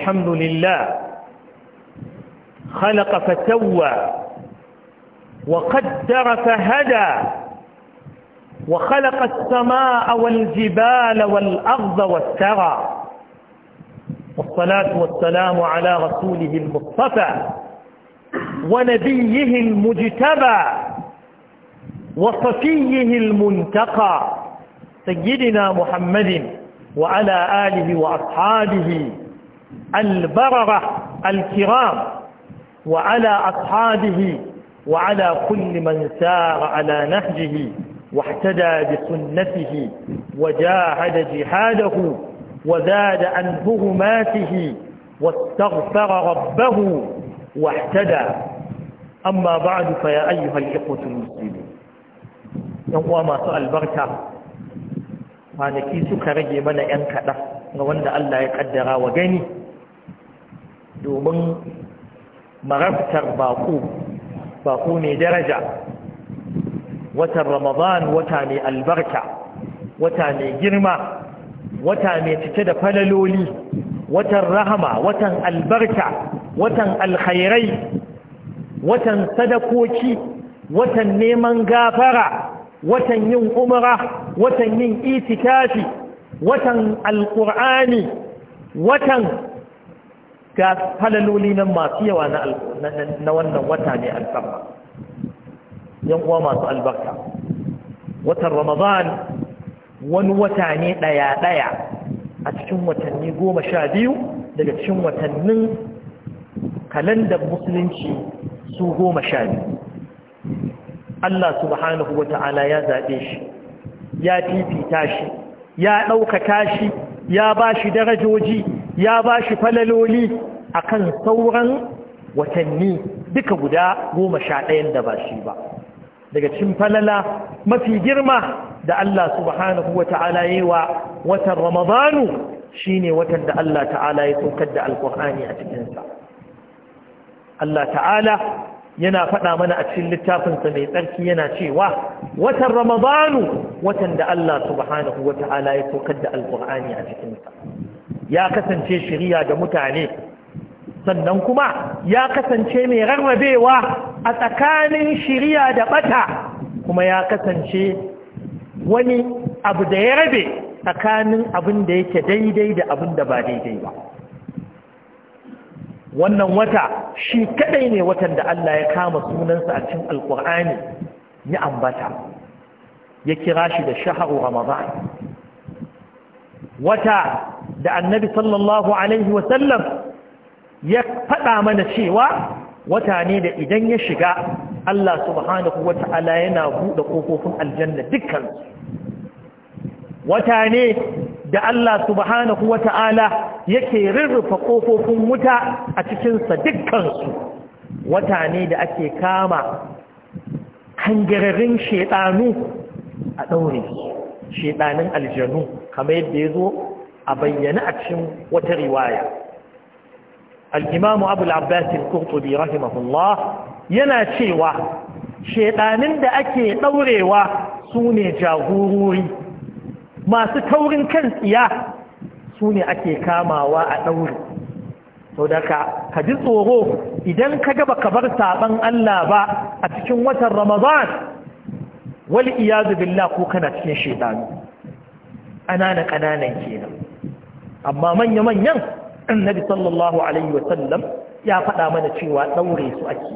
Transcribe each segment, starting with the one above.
الحمد لله خلق فسوى وقدر فهدى وخلق السماء والجبال والأرض والثرى والصلاة والسلام على رسوله المصطفى ونبيه المجتبى وصفيه المنتقى سيدنا محمد وعلى آله وأصحابه البررة الكرام وعلى أصحابه وعلى كل من سار على نهجه واحتدى بسنته وجاهد جهاده وزاد عن هرماته واستغفر ربه واحتدى أما بعد فيا أيها الإخوة المسلمين يقوى ما سأل بركة kwanaki suka rage mana 'yan kaɗa ga wanda Allah ya domin marabtar baku baku mai daraja watan ramadan wata mai albarka wata mai girma wata mai cike da falaloli watan rahama watan albarka watan alkhairai watan sadakoki watan neman gafara watan yin umra watan yin itikafi watan alkur'ani watan ga falaloli nan masu yawa na wannan wata ne alfarma yan uwa masu albarka watan ramadan wani wata ne ɗaya-ɗaya a cikin watanni goma sha biyu daga cikin watannin kalandar musulunci su goma sha biyu Allah subhanahu wa ta'ala ya zaɓe shi ya fifita shi ya ɗaukaka shi ya ba shi darajoji ya ba shi falaloli a kan sauran watanni duka guda goma sha ɗayan da ba shi ba daga cin falala mafi girma da Allah subhanahu wa ta'ala yi wa watan ramadanu shi ne watan da Allah ta'ala ya saukar da alkur'ani a cikinsa Allah ta'ala yana faɗa mana a cikin littafinsa mai tsarki yana cewa watan ramadanu watan da Allah subhanahu wa ta'ala ya saukar da alkur'ani a cikinsa ya kasance shiriya da mutane sannan kuma ya kasance mai rarrabewa a tsakanin shiriya da ɓata kuma ya kasance wani abu da ya rabe tsakanin abin da yake daidai da abin da ba daidai ba wannan wata shi kadai ne watan da Allah ya kama sunansa a cikin alkur'ani ya ambata ya kira shi da shaharu ramadan wata da annabi sallallahu alaihi wasallam ya faɗa mana cewa wata ne da idan ya shiga Allah subhanahu wa ta'ala yana buɗe ƙofofin aljanna dukkan wata ne da Allah subhanahu wa ta'ala yake rurrufa ƙofofin wuta a cikinsa dukkansu wata ne da ake kama hangararin shaɗanu a ɗaure shaɗanin aljanu kamar yadda ya zo a bayyana a cikin wata riwaya al-imamu abu rahimahullah yana cewa shedanin da ake ɗaurewa sune jagorori, masu taurin kan tsiya sune ake kamawa a ɗaure. sau da ka ji tsoro idan ka gaba ka bar saban Allah ba a cikin watan Ramadan wal iya billah ko kana cikin Ana ƙananan ƙananan kenan amma manya-manyan annabi sallallahu alaihi wasallam ya faɗa mana cewa ɗaure su ake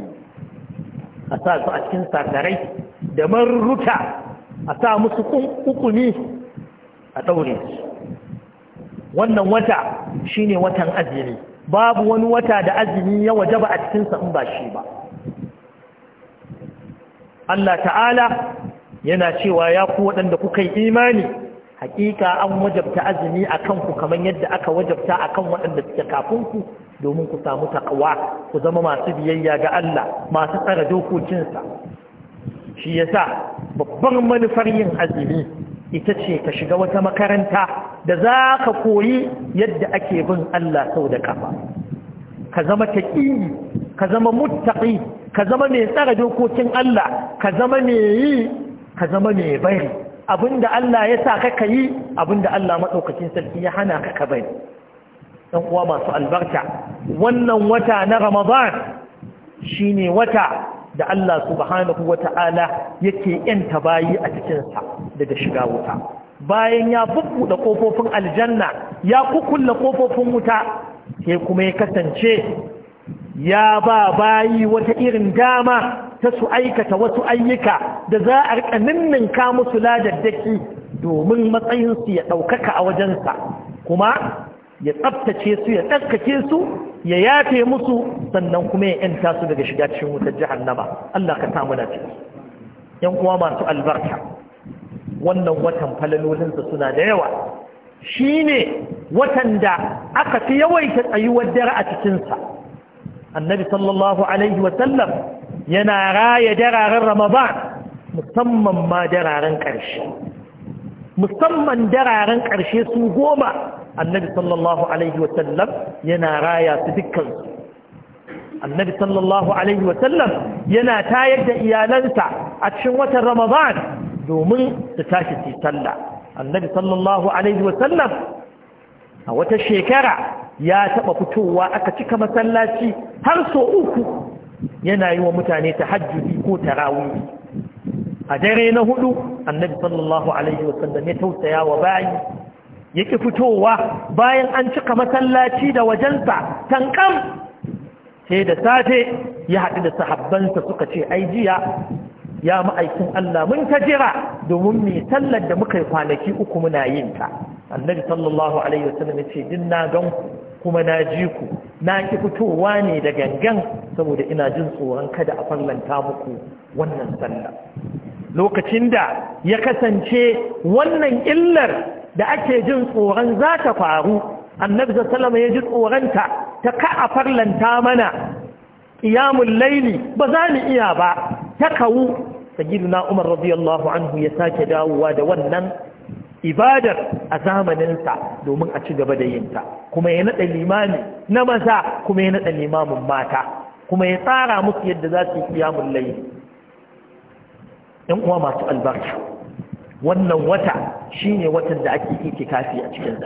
a sa su a cikin sakarai da marruka a sa musu hukumi a ɗaure su wannan wata shine watan azumi babu wani wata da azumi ya waje ba a cikinsa in ba shi ba Allah ta'ala yana cewa ya ku waɗanda kuka yi imani hakika an wajabta azumi a kanku kamar yadda aka wajabta a kan waɗanda suke kafinku domin ku samu takawa ku zama masu biyayya ga Allah masu tsara dokokinsa shi ya sa babban manufar yin azumi ita ce ka shiga wata makaranta da za ka koyi yadda ake bin Allah sau da kafa ka zama taƙi ka zama muttaƙi ka zama mai tsara dokokin Allah ka zama mai yi ka zama mai bari abinda Allah ya sa ka yi abinda Allah maɗaukacin sarki ya hana ka ka ɗan uwa masu albarka wannan wata na ramadan shine wata da Allah subhanahu wata'ala yake yanta bayi a cikinsa daga shiga wuta bayan ya bubbuɗe ƙofofin aljanna ya kukulle kofofin wuta sai kuma ya kasance ya ba bayi wata irin dama ta su aikata wasu ayyuka da za a rika ninninka musu ladaddaki domin matsayinsu ya ɗaukaka a wajensa kuma ya tsabtace su ya tsarkake su ya yafe musu sannan kuma ya yanta su daga shiga cikin wutar jahannama Allah ka samu da yan masu albarka wannan watan falalolinsa suna da yawa Shi ne watan da aka fi yawaita tsayuwar dare a cikinsa annabi sallallahu alaihi wasallam yana raya dararen ramadan musamman ma dararen ƙarshe musamman dararen ƙarshe su goma annabi sallallahu alaihi wasallam yana raya su dukkansu annabi sallallahu alaihi wasallam yana tayar da iyalansa a cikin watan ramadan domin su tashi su sallah annabi sallallahu alaihi wasallam a wata shekara ya taɓa fitowa aka cika masallaci har so uku yana yi wa mutane tahajjudi ko tarawih a dare na hudu annabi sallallahu alaihi wasallam ya tausaya wa bayi yake fitowa bayan an cika masallaci da wajensa tankam sai da safe ya haɗu da sahabbansa suka ce ai jiya ya ma'aikin Allah mun ta jira domin mai sallar da muka yi kwanaki uku muna yin ta annabi sallallahu alaihi wasallam ce din na gan ku kuma na ji ku na ki fitowa ne da gangan saboda ina jin tsoron kada a fallanta muku wannan sallah lokacin da ya kasance wannan illar da ake jin tsoron za ta faru annabi sallallahu ya ji tsoronta ta ka a fallanta mana qiyamul laili ba za mu iya ba ta kawu sayyidina umar radiyallahu anhu ya sake dawowa da wannan ibadar a zamaninsa domin a ci gaba da yinta kuma ya naɗa limami na maza kuma ya naɗa limamin mata kuma ya tsara musu yadda za su yi kiyamun layi ɗan uwa masu albarka wannan wata shine watan da ake itikafi a cikin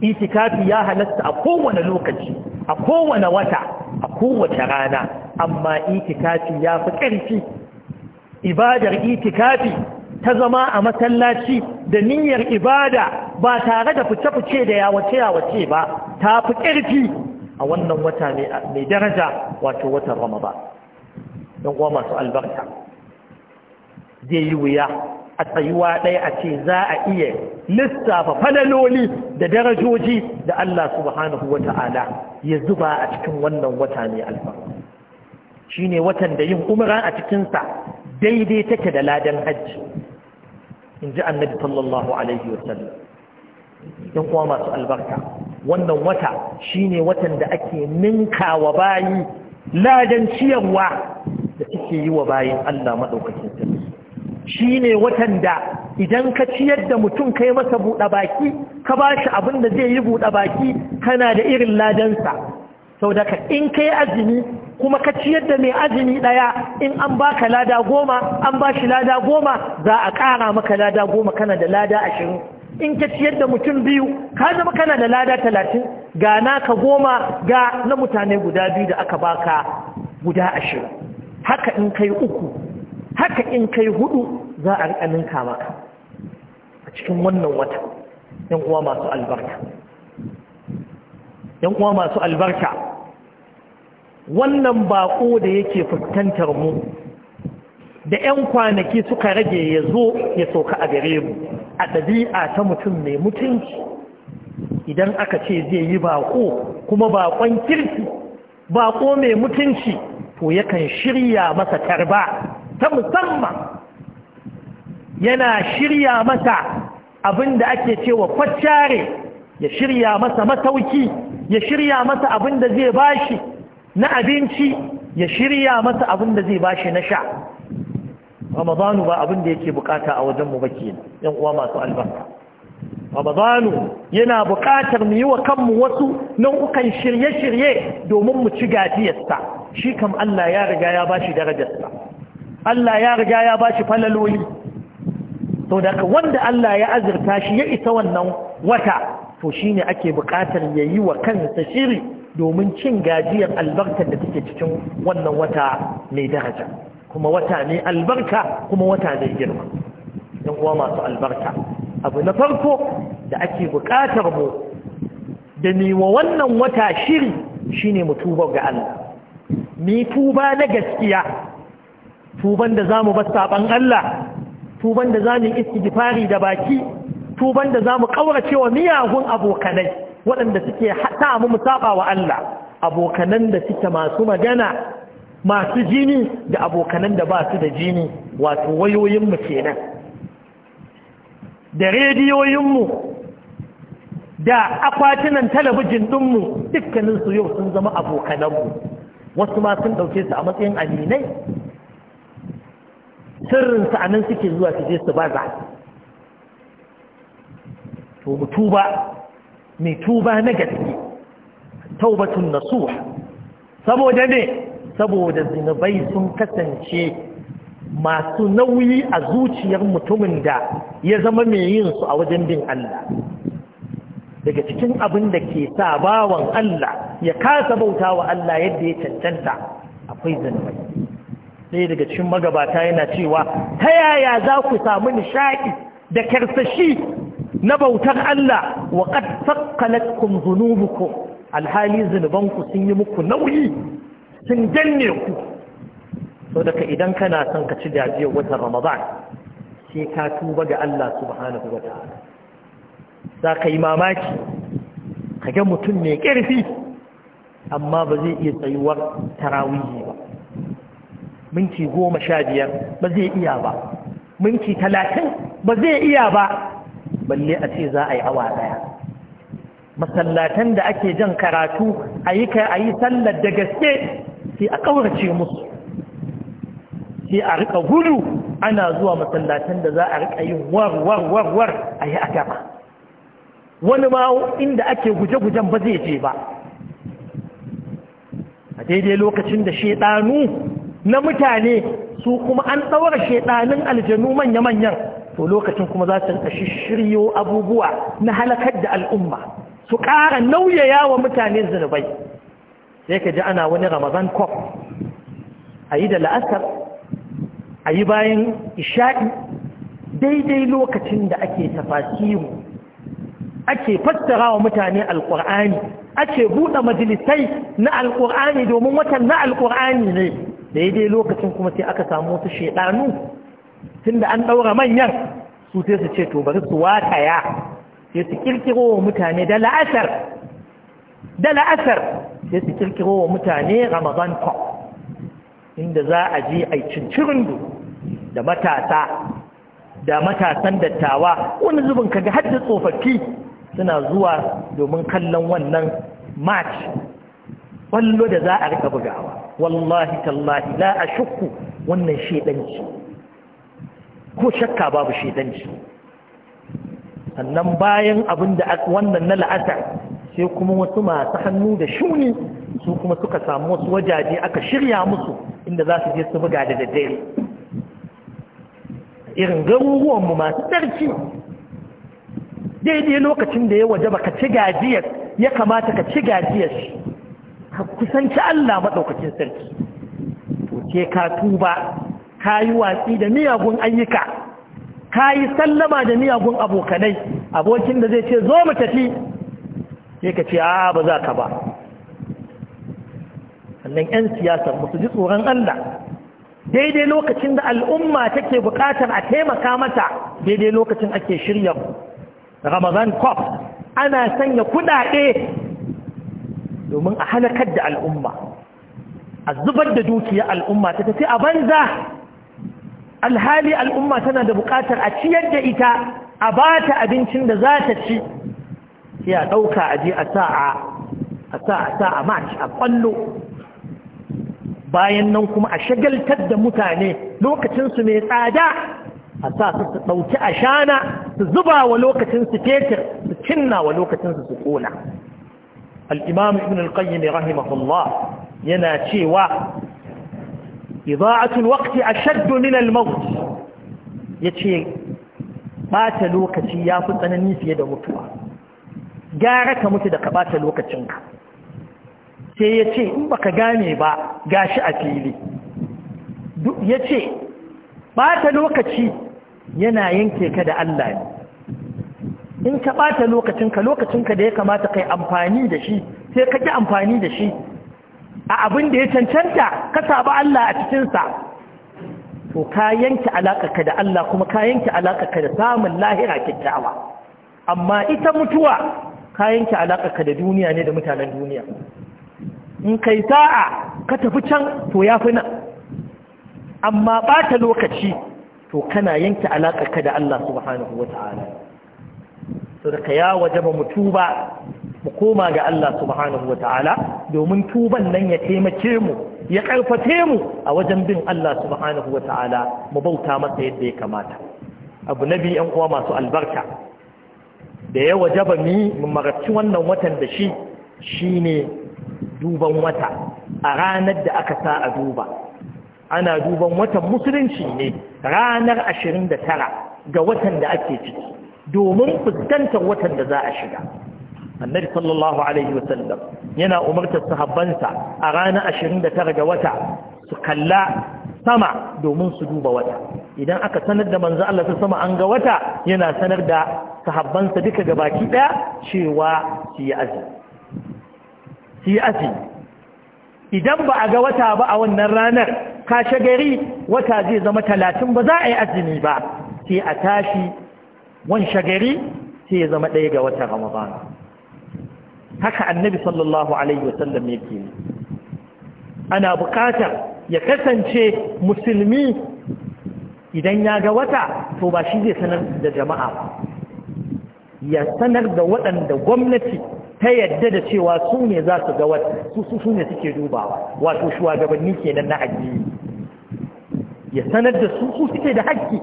itikafi ya halatta a kowane lokaci a kowane wata a kowace rana amma itikafi ya fi ƙarfi ibadar itikafi ta zama a masallaci da niyyar ibada ba tare da fice-fice da yawace-yawace ba ta fi ƙirfi a wannan wata mai daraja wato watan ba. don kuwa masu albarka zai yi wuya a tsayuwa ɗaya a ce za a iya lissafa falaloli da darajoji da Allah subhanahu wa ta'ala ya zuba a cikin wannan wata mai albarka shi ne watan da yin umara a cikinsa daidai take da ladan hajji in ji annabi sallallahu alaihi wa sallam yan kuma masu albarka wannan wata shine watan da ake ninka wa bayi ladan ciyarwa da suke yi wa bayin Allah maɗaukakin sarki shi ne watan da idan ka ciyar da mutum kai masa buɗe baki ka bashi abin da zai yi buɗe baki kana da irin ladansa sau da ka in kai azumi kuma ka ciyar da mai azumi ɗaya in an baka lada goma an ba shi lada goma za a ƙara maka lada goma kana da lada ashirin in ka ciyar da mutum biyu ka zama kana da lada talatin ga naka goma ga na mutane guda biyu da aka baka guda ashirin haka in kai uku haka in kai hudu za a rika ninka maka a cikin wannan wata yan uwa masu albarka yan uwa masu albarka wannan baƙo da yake fuskantar mu da 'yan kwanaki suka rage ya zo ya sauka a gare mu a ɗabi'a ta mutum mai mutunci idan aka ce zai yi baƙo kuma baƙon kirki baƙo mai mutunci to yakan shirya masa tarba ta musamman yana shirya masa abin da ake cewa kwacciyare ya shirya masa matauki ya shirya masa abin da zai bashi na abinci ya shirya masa abin da zai bashi na sha ramadanu ba abin da yake bukata a wajen mu bake yan uwa masu albarka ramadanu yana bukatar mu yi wa kanmu wasu nau'ukan shirye-shirye domin mu ci gajiyarsa shi kam Allah ya riga ya bashi darajarsa Allah ya riga ya bashi falaloli to daga wanda Allah ya azurta shi ya isa wannan wata to shine ake buƙatar ya yi wa kansa shiri domin cin gajiyar albarkar da take cikin wannan wata mai daraja kuma wata mai albarka kuma wata mai girma yan uwa masu albarka abu na farko da ake buƙatar mu da wa wannan wata shiri shine mu tuba ga Allah mi tuba na gaskiya tuban da mu bar saɓan Allah tuban da zamu istighfari da baki tuban da zamu ƙaurace wa miyagun abokanai waɗanda suke hata mu musaba wa Allah abokanan da suke masu magana masu jini da abokanan da ba su da jini wato wayoyin mu kenan da rediyoyin da akwatunan talabijin ɗinmu dukkaninsu yau sun zama abokananmu wasu ma sun ɗauke su a matsayin aminai sirrin a nan suke zuwa su je su baza to tuba mai tuba na gaske taubatun Nasuwa? saboda ne saboda zinubai sun kasance masu nauyi a zuciyar mutumin da ya zama mai yin su a wajen bin Allah daga cikin abin da ke sa bawan Allah ya kasa bauta wa Allah yadda ya cancanta akwai zinubai sai daga cikin magabata yana cewa ta yaya za ku samu nishaɗi da karsashi na bautar Allah wa qad saqqalatkum dhunubukum alhali zunubanku sun yi muku nauyi sun danne ku Sau daga idan kana son ka ci gajiyar watan Ramadan sai ka tuba ga Allah subhanahu wa ta'ala za ka yi mamaki ka ga mutum mai ƙarfi amma ba zai iya tsayuwar tarawihi ba minti goma sha biyar ba zai iya ba minti talatin ba zai iya ba balle a ce za a yi awa daya masallatan da ake jan karatu a yi sallar da gaske sai a ƙaurace musu sai a rika gudu ana zuwa masallatan da za a rika yin war-war-war a yi a wani ma inda ake guje-gujen ba zai je ba a daidai lokacin da shaidanu na mutane su kuma an tsawar shaidanun aljanu manya-manyan to lokacin kuma za su rinka shiryo abubuwa na halakar da al'umma su ƙara nauyaya wa mutane zunubai sai ka ji ana wani ramadan kwaf a yi da la'asar a yi bayan isha'i daidai lokacin da ake tafasiru ake fassara wa mutane alƙur'ani ake buɗe majalisai na alƙur'ani domin watan na alƙur'ani ne daidai lokacin kuma sai aka samu wasu shaiɗanu. Tun da an ɗaura manyan su sai su ce to bari su wataya sai su kirkiro wa mutane da la'asar, da la'asar sai su kirkiro wa mutane ramadan kwa inda za a je a cincirin da matasa da matasan dattawa wani zubin kaga har da tsofaffi suna zuwa domin kallon wannan match wallo da za a rika bugawa wallahi tallahi la shukku. wannan shedanci ko shakka babu shaitanci sannan bayan abin da wannan na la'ata sai kuma wasu masu hannu da shuni su kuma suka samu wasu wajaje aka shirya musu inda za su je su buga da daddare irin garuruwanmu masu tsarki daidai lokacin da ya waje ba ka ci gajiyar ya kamata ka ci gajiyar shi ka kusanci Allah maɗaukacin sarki to ke ka tuba ka yi watsi da miyagun ayyuka ka yi sallama da miyagun abokanai abokin da zai ce zo mu tafi sai ka ce a ba za ka ba sannan 'yan siyasa musu ji tsoron Allah daidai lokacin da al'umma take bukatar a taimaka mata daidai lokacin ake shirya ramadan cop ana sanya kudade domin a halakar da al'umma a zubar da dukiya al'umma ta tafi a banza alhali al'umma tana da buƙatar a ciyar da ita a ba ta abincin da za ta ci sai a ɗauka a je a sa'a a sa a a ƙwallo bayan nan kuma a shagaltar da mutane lokacinsu mai tsada a sa su su ɗauki a shana su zuba wa lokacinsu fetur su cinna wa lokacinsu su ƙona al'imamu ibn al-qayyim rahimahullah yana cewa iza'atul waqti ashadd min al-maut yace bata lokaci yafi tsanani fiye da mutuwa gara ka mutu da ka bata lokacinka sai yace in baka gane ba gashi a fili yace bata lokaci yana yanke ka da Allah ne in ka ɓata lokacinka lokacinka da ya kamata kai amfani da shi sai ka ji amfani da shi a abin da ya cancanta ka saba Allah a cikinsa to ka yanke ka da Allah kuma ka yanke ka da samun lahira kyakkyawa amma ita mutuwa ka yanke ka da duniya ne da mutanen duniya in kai sa'a ka tafi can to ya fi nan amma ba ta lokaci to kana yanke ka da Allah subhanahu wa ta'ala so da ka ya waje ba ba mu koma ga Allah subhanahu wa ta'ala domin tuban nan ya taimake mu ya karfafe mu a wajen bin Allah subhanahu wa ta'ala mu bauta masa yadda ya kamata abu na biyu uwa masu albarka da ya wajaba ni mu mararci wannan watan da shi shine duban wata a ranar da aka sa a duba ana duban watan musulunci ne ranar 29 ga watan da ake ciki domin fuskantar watan da za a shiga annabi sallallahu alaihi wasallam yana umartar sahabbansa a ranar 29 ga wata su kalla sama domin su duba wata idan aka sanar da manzo Allah ta sama an ga wata yana sanar da sahabbansa duka gabaki daya cewa su yi azumi su yi azumi idan ba a ga wata ba a wannan ranar kashe gari wata zai zama talatin ba za a yi azumi ba sai a tashi wan shagari sai ya zama ɗaya ga wata ramadana haka annabi sallallahu alaihi wasallam yake ana bukatar ya kasance musulmi idan ya ga wata to ba shi zai sanar da jama'a ya sanar da waɗanda gwamnati ta yadda da cewa su ne za su ga wata su su ne suke dubawa wato shugabanni kenan na addini ya sanar da su su suke da haƙƙi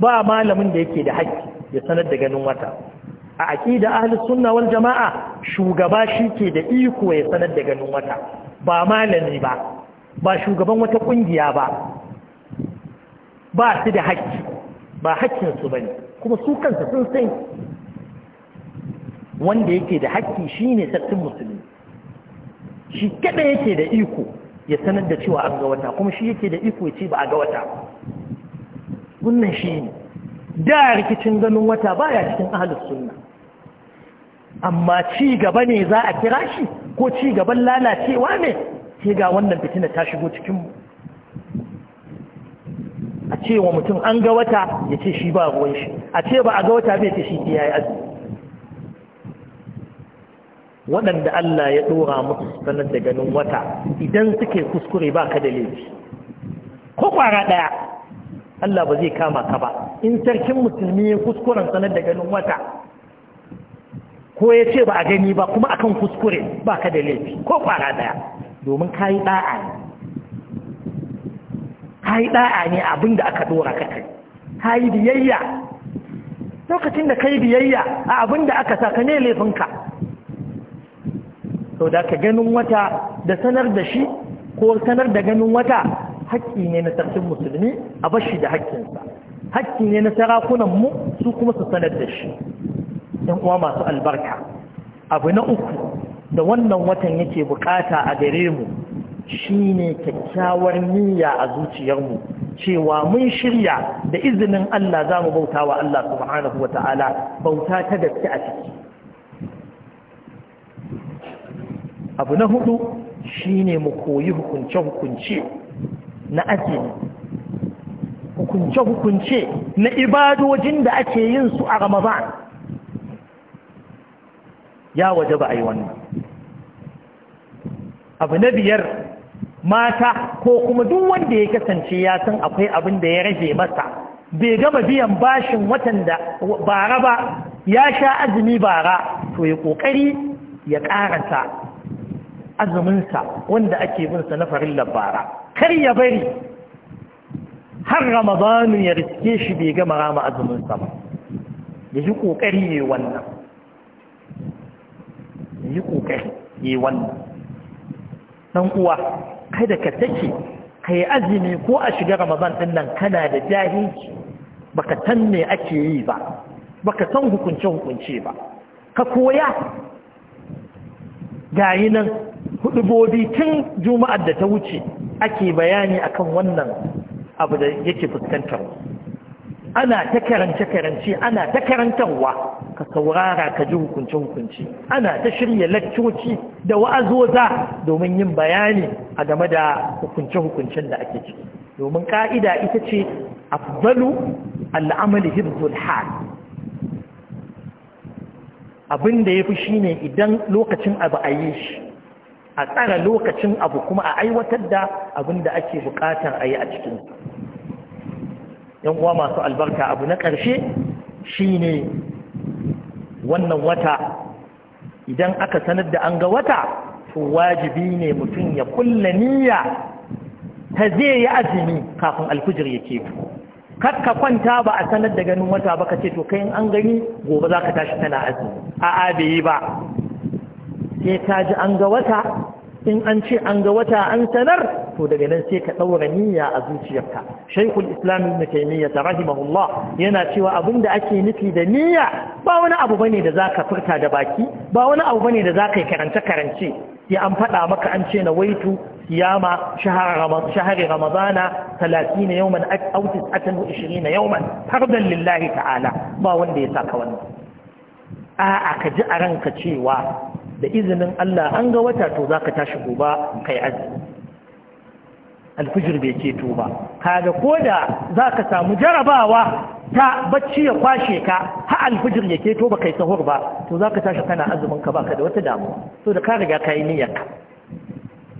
ba malamin da yake da haƙƙi ya sanar da ganin wata a aqida ahlus sunna wal jamaa shugaba shi ke da iko ya sanar da ganin wata ba malami ba ba shugaban wata kungiya ba ba su da haƙƙi ba haƙƙin su bane kuma su kansu sun san wanda yake da haƙƙi shine sattin musulmi shi kada yake da iko ya sanar da cewa an ga wata kuma shi yake da iko ya ce ba a ga wata wannan shi ne da rikicin ganin wata baya cikin ahlus sunna amma ci gaba ne za a kira shi ko ci gaban lalacewa ne sai ga wannan fitina ta shigo cikinmu a ce wa mutum an ga wata ya ce shi ba ruwan shi a ce ba a ga wata bai ce shi ya yi azu waɗanda Allah ya ɗora musu sanar da ganin wata idan suke kuskure ba ka da laifi ko ƙwara ɗaya Allah ba zai kama ka ba in sarkin musulmi ya kuskuren sanar da ganin wata ko ya ce ba a gani ba kuma akan kuskure ba ka da laifi ko kwara daya domin ka yi ɗa'a ne ka yi da'a ne abin da aka ɗora ka kai ka yi biyayya lokacin da ka yi biyayya a abin da aka sa ka ne laifinka sau da ka ganin wata da sanar da shi ko sanar da ganin wata haƙƙi ne na sarkin musulmi a bashi da haƙƙinsa haƙƙi ne na sarakunanmu su kuma su sanar da shi yan uwa masu albarka abu na uku da wannan watan yake bukata a gare mu shine kyakkyawar niyya a zuciyarmu cewa mun shirya da izinin Allah za mu bauta wa Allah subhanahu wa ta'ala bauta ta gaske a ciki abu na hudu shine mu koyi hukunce-hukunce na hukunce-hukunce na ibadojin da ake yin su a ramadan ya waje ba a yi wannan abu na biyar mata ko kuma duk wanda ya kasance ya san akwai abin da ya rage masa bai gama biyan bashin watan da bara ba ya sha azumi bara to ya kokari ya karanta azuminsa wanda ake binsa na farillar bara kar ya bari har ramadanu ya riske shi bai gama rama azuminsa ba ya ƙoƙari kokari ne wannan yi kokari yi wannan dan uwa kada ka take kai azumi ko a shiga ramadan din nan kana da jahilci baka san me ake yi ba baka san hukunce hukunce ba ka koya gayi nan bobi tun juma'ar da ta wuce ake bayani akan wannan abu da yake fuskantar ana ta karance karance ana ta karantarwa ka saurara ka ji hukunce-hukunce ana ta shirya lakcoci da wa'azoza domin yin bayani a game da hukunce-hukuncen da ake ciki domin ka'ida ita ce afdalu al'amali hirzul hal abin da ya fi shi ne idan lokacin abu a yi shi a tsara lokacin abu kuma a aiwatar da abin da ake bukatar a yi a cikin yan uwa masu albarka abu na ƙarshe shi ne wannan wata idan aka sanar da an ga wata to wajibi ne mutum ya kulla niyya ta zai yi azumi kafin alfijir ya keto kakka kwanta ba a sanar da ganin wata ba ka ce to kai an gani gobe za ka tashi tana azumi a bai yi ba sai ta ji an ga wata in an ce an ga wata an sanar to daga nan sai ka ɗaura niyya a zuciyarka shaikul islam ibn taymiyyah rahimahullah yana cewa abinda ake nufi da niyya ba wani abu bane da zaka furta da baki ba wani abu bane da zaka yi karance karance sai an faɗa maka an ce na waitu siyama shahar ramadana 30 yawman aw 29 yawman fardan lillahi ta'ala ba wanda ya saka wannan a'a ka ji a ranka cewa da izinin Allah an ga wata to za ka tashi gobe kai azumi alfijir bai to ba kaga ko da za ka samu jarabawa ta bacci ya kwashe ka ha alfijir ya keto ba kai sahur ba to za ka tashi kana azumin ka baka da wata damuwa so da ka riga ka yi niyyarka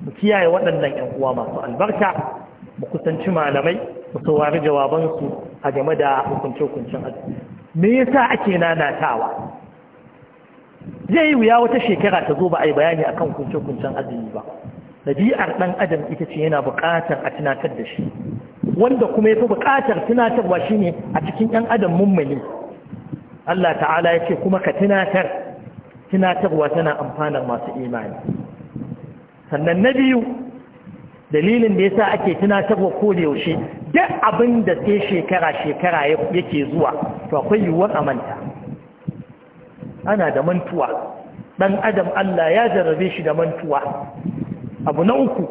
mu kiyaye waɗannan ƴan uwa masu albarka mu kusanci malamai mu saurari jawabansu a game da hukunce-hukuncen azumi me yasa ake nanatawa zai yi wuya wata shekara ta zo ba a yi bayani akan kunce-kuncen azumi ba ɗabi'ar ɗan adam ita ce yana buƙatar a tunatar da shi wanda kuma ya fi buƙatar tunatarwa shine a cikin ɗan adam mummuli. Allah ta'ala ya ce kuma ka tunatar tunatarwa tana amfanar masu imani sannan na biyu dalilin da ya sa ake tunatarwa ko da yaushe duk abin da sai shekara shekara yake zuwa to akwai yiwuwar amanta ana da mantuwa ɗan adam Allah ya jarrabe shi da mantuwa abu na uku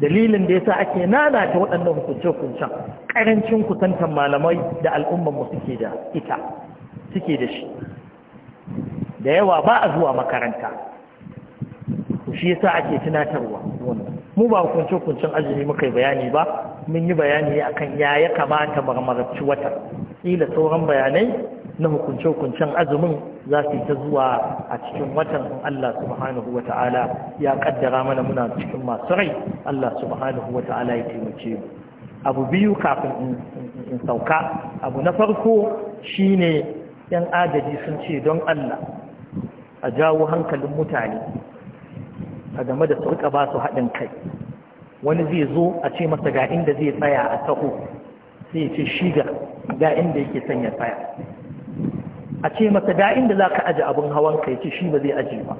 dalilin da ya sa ake nanata waɗannan hukunce-hukuncen ƙarancin kusantar malamai da al'ummar mu suke da ita suke da shi da yawa ba a zuwa makaranta shi sa ake tunatarwa mu ba hukunce-hukuncen azumi muka yi bayani ba mun yi bayani akan ya ya kamata marmarci wata ƙila sauran bayanai na hukunce-hukuncen azumin za su yi ta zuwa a cikin watan Allah subhanahu wa ta'ala ya ƙaddara mana muna cikin masu rai Allah subhanahu wa ta'ala ya taimake mu abu biyu kafin in sauka abu na farko shine yan agaji sun ce don Allah a jawo hankalin mutane a game da surka ba su haɗin kai wani zai zo a ce masa ga inda zai tsaya a taho sai ya ce shiga ga inda yake son ya tsaya a ce masa da inda za ka aji abin hawan ka ce shi ba zai aji ba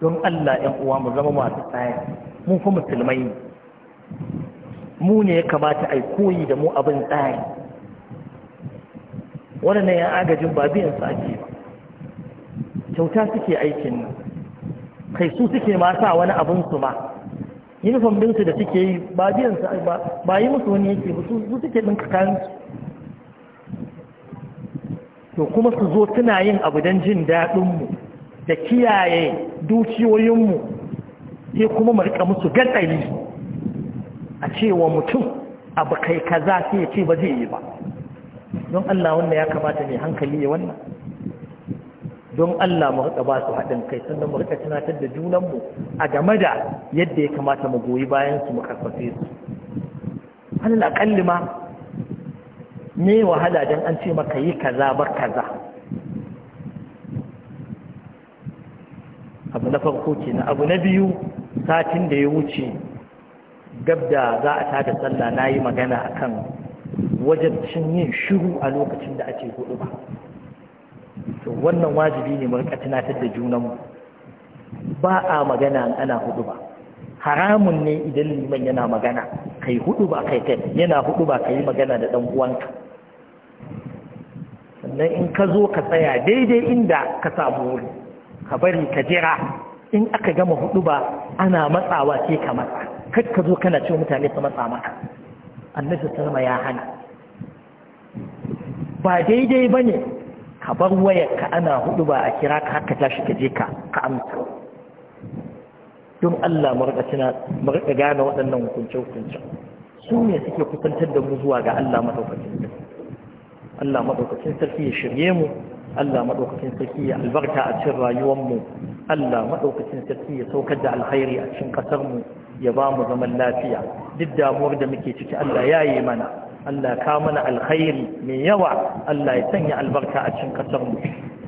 don Allah ‘yan uwa mu zama masu tsaye mu fi musulmai ne mu ne ya kamata a koyi da mu abin tsaye waɗannan ya agajin ba biyan su ake ba kyauta suke aikin nan kai su suke ma sa wani abin su ma yunifom ɗinsu da suke yi ba biyan su ba yi musu wani yake su suke ɗin kayan su to kuma su zo suna yin abu don jin daɗinmu da kiyaye dukiyoyinmu sai kuma marka musu gaɗari a cewa mutum abu kai kaza sai ya ce ba zai yi ba don Allah wannan ya kamata mai hankali ya wannan don Allah mu rika ba su haɗin kai sannan mu rika tunatar da junanmu a game da yadda ya kamata mu goyi bayan su mu karfafe su hannun aƙalli ma me wahala don an ce maka yi kaza bar kaza abu na farko na abu na biyu satin da ya wuce gab da za a tada sallah na yi magana akan wajen yin shiru a lokacin da ake hudu ba to wannan wajibi ne mu rika tunatar da junanmu ba a magana ana hudu ba haramun ne idan liman yana magana kai hudu ba kai kai yana hudu ba kai magana da dan uwanka sannan in ka zo ka tsaya daidai inda ka samu wuri ka bari ka jira in aka gama hudu ba ana matsawa sai ka matsa kai ka zo kana ce mutane su matsa maka annabi sallama ya hana ba daidai bane ka bar wayarka ana hudu ba a kira ka haka tashi ka je ka ka amsa don Allah mu rika gane waɗannan hukunce hukunce su ne suke kusantar da mu zuwa ga Allah madaukakin sarki Allah maɗaukacin sarki ya shirye mu Allah maɗaukacin sarki ya albarka a cin rayuwarmu Allah maɗaukacin sarki ya saukar da alkhairi a cikin ƙasarmu ya ba mu zaman lafiya duk damuwar da muke ciki Allah ya yi mana Allah ka mana alkhairi mai yawa Allah ya sanya albarka a cikin ƙasarmu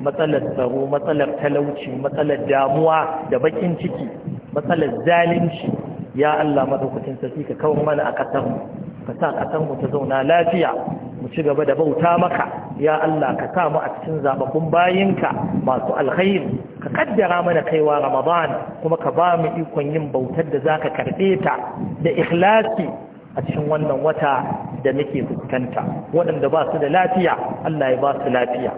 matsalar tsaro matsalar talauci matsalar damuwa da bakin ciki matsalar zalunci ya Allah maɗaukacin sarki ka kawo mana a ƙasarmu ka sa ƙasarmu ta zauna lafiya ci gaba da bauta maka ya Allah ka sa mu a cikin zababbun bayinka masu alkhairi ka kaddara mana kaiwa ramadan kuma ka ba mu ikon yin bautar da zaka karbe ta da ikhlasi a cikin wannan wata da muke fuskanta waɗanda ba su da lafiya Allah ya ba su lafiya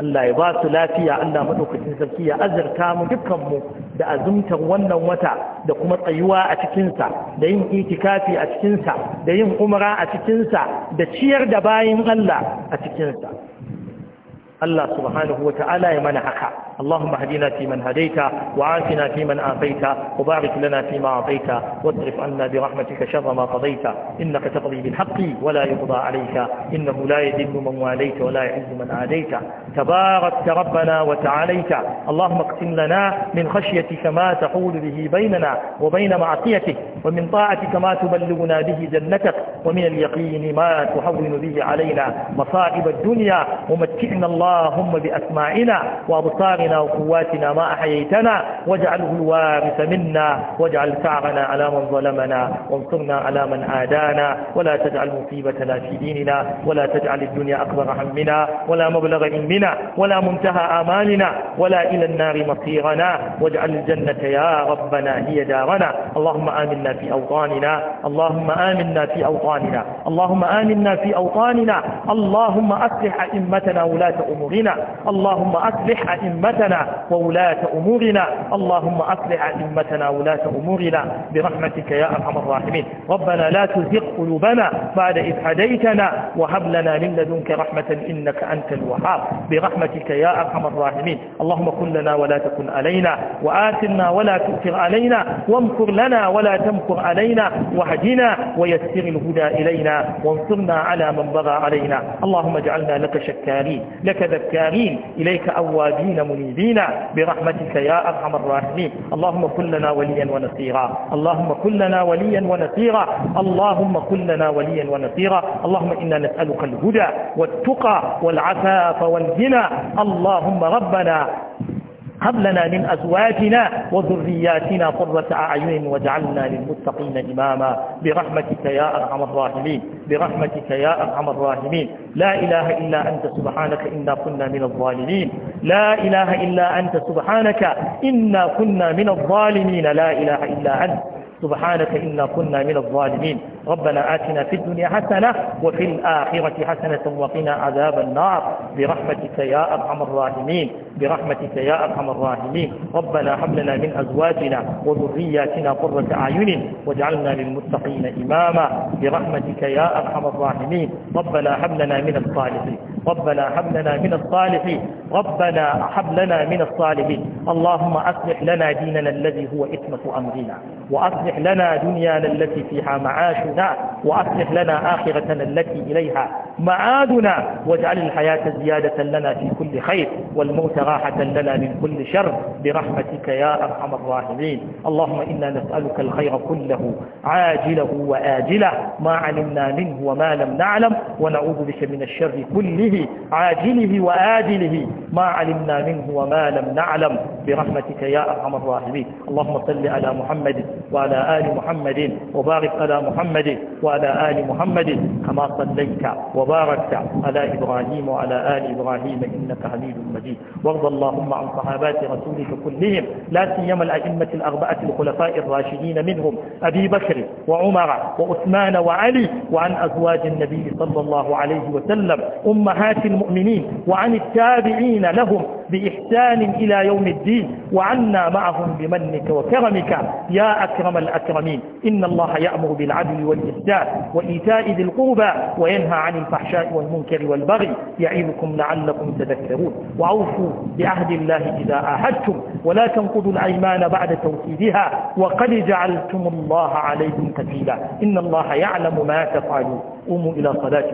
Allah ya ba su lafiya Allah madaukakin sarki ya azurta mu dukkan mu da azumtar wannan wata da kuma tsayuwa a cikinsa da yin itikafi a cikinsa da yin umra a cikinsa da ciyar da bayin Allah a cikinsa الله سبحانه وتعالى يمن اللهم اهدنا فيمن هديت وعافنا فيمن عافيت وبارك لنا فيما اعطيت واصرف عنا برحمتك شر ما قضيت انك تقضي بالحق ولا يقضى عليك انه لا يذل من واليت ولا يعز من عاديت تباركت ربنا وتعاليت اللهم اقسم لنا من خشيتك ما تحول به بيننا وبين معصيتك ومن طاعتك ما تبلغنا به جنتك ومن اليقين ما تحول به علينا مصائب الدنيا ومتعنا الله اللهم بأسماعنا وأبصارنا وقواتنا ما أحييتنا واجعله الوارث منا واجعل ثأرنا على من ظلمنا وانصرنا على من عادانا ولا تجعل مصيبتنا في ديننا ولا تجعل الدنيا أكبر همنا ولا مبلغ علمنا ولا منتهى آمالنا ولا إلى النار مصيرنا واجعل الجنة يا ربنا هي دارنا اللهم آمنا في أوطاننا اللهم آمنا في أوطاننا اللهم آمنا في أوطاننا اللهم أصلح أئمتنا ولاة أمورنا أمورنا اللهم أصلح أئمتنا وولاة أمورنا اللهم أصلح أئمتنا وولاة أمورنا برحمتك يا أرحم الراحمين ربنا لا تزغ قلوبنا بعد إذ هديتنا وهب لنا من لدنك رحمة إنك أنت الوهاب برحمتك يا أرحم الراحمين اللهم كن لنا ولا تكن علينا وآتنا ولا تؤثر علينا وامكر لنا ولا تمكر علينا واهدنا ويسر الهدى إلينا وانصرنا على من بغى علينا اللهم اجعلنا لك شكارين لك ذكارين إليك أوابين منيبين برحمتك يا أرحم الراحمين اللهم كن لنا وليا ونصيرا اللهم كن لنا وليا ونصيرا اللهم كن لنا وليا ونصيرا اللهم إنا نسألك الهدى والتقى والعفاف والغنى اللهم ربنا هب لنا من أزواجنا وذرياتنا قرة أعين واجعلنا للمتقين إماما برحمتك يا أرحم الراحمين برحمتك يا أرحم الراحمين لا إله إلا أنت سبحانك إنا كنا من الظالمين لا إله إلا أنت سبحانك إنا كنا من الظالمين لا إله إلا أنت سبحانك إنا كنا من الظالمين ربنا آتنا في الدنيا حسنة وفي الآخرة حسنة وقنا عذاب النار برحمتك يا أرحم الراحمين برحمتك يا أرحم الراحمين ربنا هب لنا من أزواجنا وذرياتنا قرة أعين واجعلنا للمتقين إماما برحمتك يا أرحم الراحمين ربنا هب لنا من الصالحين ربنا هب لنا من الصالحين ربنا هب لنا من الصالحين اللهم أصلح لنا ديننا الذي هو إثمة أمرنا وأصلح لنا دنيانا التي فيها معاشنا وأصلح لنا آخرتنا التي إليها معادنا واجعل الحياة زيادة لنا في كل خير والموت راحة لنا من كل شر برحمتك يا أرحم الراحمين اللهم إنا نسألك الخير كله عاجله وآجله ما علمنا منه وما لم نعلم ونعوذ بك من الشر كله عاجله وآجله ما علمنا منه وما لم نعلم برحمتك يا أرحم الراحمين اللهم صل على محمد وعلى آل محمد وبارك على محمد وعلى آل محمد كما صليت وباركت على إبراهيم وعلى آل إبراهيم إنك حميد مجيد وارض اللهم عن صحابات رسولك كلهم لا سيما الأئمة الأربعة الخلفاء الراشدين منهم أبي بكر وعمر وعثمان وعلي وعن أزواج النبي صلى الله عليه وسلم أمهات المؤمنين وعن التابعين لهم بإحسان إلى يوم الدين وعنا معهم بمنك وكرمك يا أكرم الأكرمين إن الله يأمر بالعدل والإحسان وإيتاء ذي القربى وينهى عن الفحشاء والمنكر والبغي يعظكم لعلكم تذكرون وأوفوا بعهد الله إذا عاهدتم ولا تنقضوا الأيمان بعد توكيدها وقد جعلتم الله عليكم كفيلا إن الله يعلم ما تفعلون قوموا إلى صلاتكم